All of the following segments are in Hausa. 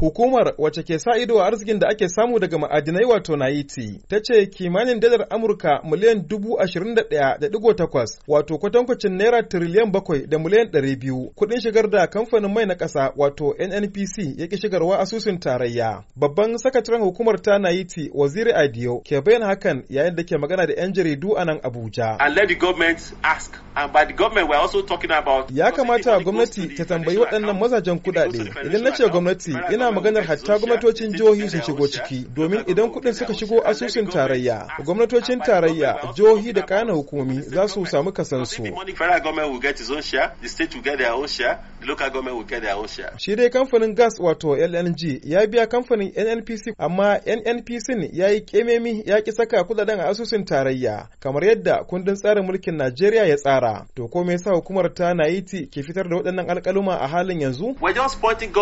Hukumar wacce ke sa ido a arzikin da ake samu daga ma'adinai wato naiti ta ce kimanin dalar Amurka miliyan dubu ashirin da ɗaya da digo takwas wato kwatankwacin naira tiriliyan bakwai da miliyan ɗari biyu kuɗin shigar da kamfanin mai na ƙasa wato NNPC ya ƙi shigarwa asusun tarayya. Babban sakataren hukumar ta naiti waziri Adio ke bayyana hakan yayin da ke magana da 'yan jaridu a nan Abuja. Ya kamata gwamnati ta tambayi waɗannan mazajen kuɗaɗe idan na ce gwamnati ina ana maganar hatta gwamnatocin jihohi su shigo ciki domin idan kuɗin suka shigo asusun tarayya gwamnatocin tarayya jihohi da kana hukumomi za su samu kasansu shi dai kamfanin gas wato lng ya biya kamfanin nnpc amma nnpc ya yi kememi ya ki saka kudaden a asusun tarayya kamar yadda kundin tsarin mulkin najeriya ya tsara to ko me yasa hukumar ta naiti ke fitar da waɗannan alkaluma a halin yanzu we're just pointing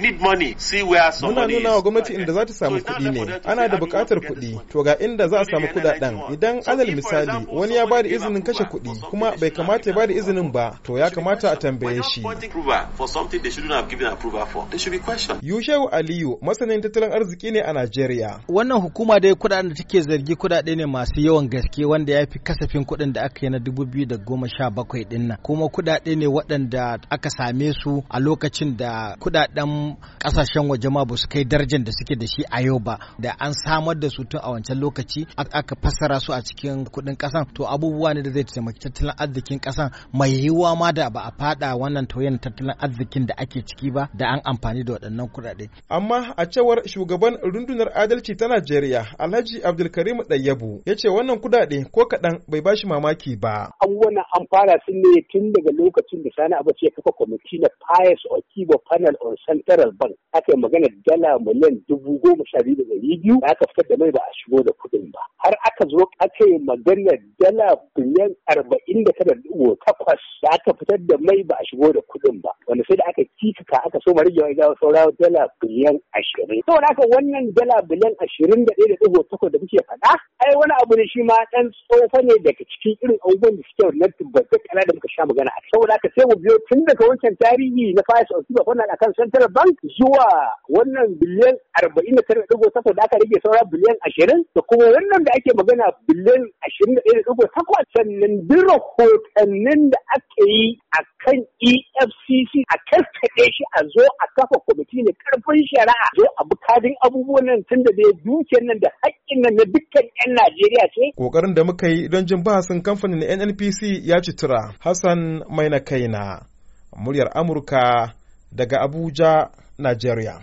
need money see where muna nuna wa gwamnati inda za ta samu kuɗi ne ana da buƙatar kuɗi to ga inda za a samu kuɗaɗen idan alal misali wani ya bada izinin kashe kuɗi kuma bai kamata ya bada izinin ba to ya kamata a tambaye shi Yushewu Aliyu masanin tattalin arziki ne a Najeriya wannan hukuma dai kuɗaɗen da take zargi kuɗaɗe ne masu yawan gaske wanda ya fi kasafin kuɗin da aka yi na sha bakwai dinnan kuma kuɗaɗe ne waɗanda aka same su a lokacin da kuɗaɗen kasashen waje ma ba su kai darajar da suke da shi a yau ba da an samar da su tun a wancan lokaci aka fassara su a cikin kuɗin kasan to abubuwa ne da zai taimaki tattalin arzikin kasan mai yiwuwa ma da ba a fada wannan tauyen tattalin arzikin da ake ciki ba da an amfani da waɗannan kuɗaɗe. Amma a cewar shugaban rundunar adalci ta Najeriya Alhaji Abdulkarim Ɗayyabu ya ce wannan kuɗaɗe ko kaɗan bai bashi mamaki ba. Abubuwan an fara sun ne tun daga lokacin da Sani Abace ya kafa kwamiti na Pius Okibo Panel on center. central bank aka yi magana dala miliyan dubu goma sha biyu da ɗari biyu aka fitar da mai ba a shigo da kuɗin ba har aka zo aka yi magana dala biliyan arba'in da tara da takwas da aka fitar da mai ba a shigo da kuɗin ba wanda sai da aka ka aka so bari jawai wa saura dala biliyan ashirin. da haka wannan dala biliyan ashirin da ɗaya da ɗigo takwas da muke faɗa ai wani abu ne shi ma ɗan tsofa ne daga cikin irin abubuwan da suke wannan tubbatar kala da muka sha magana a saboda haka sai mu biyo tun daga wancan tarihi na fayas a tuba wannan akan central bank zuwa wannan biliyan arba'in da tara ɗigo takwas da aka rage saura biliyan ashirin da kuma wannan da ake magana biliyan ashirin da ɗaya da ɗigo takwas sannan duk rahotannin da aka yi a kan efcc a kasta naɗe shi a zo a kafa kwamiti ne karfin shari'a zo a bukadin abubuwan nan tun da dai dukiyar nan da haƙƙin nan na dukkan 'yan Najeriya ce. Ƙoƙarin da muka yi don jin bahasin kamfanin NNPC ya ci tura Hassan Maina Kaina, muryar Amurka daga Abuja, Najeriya.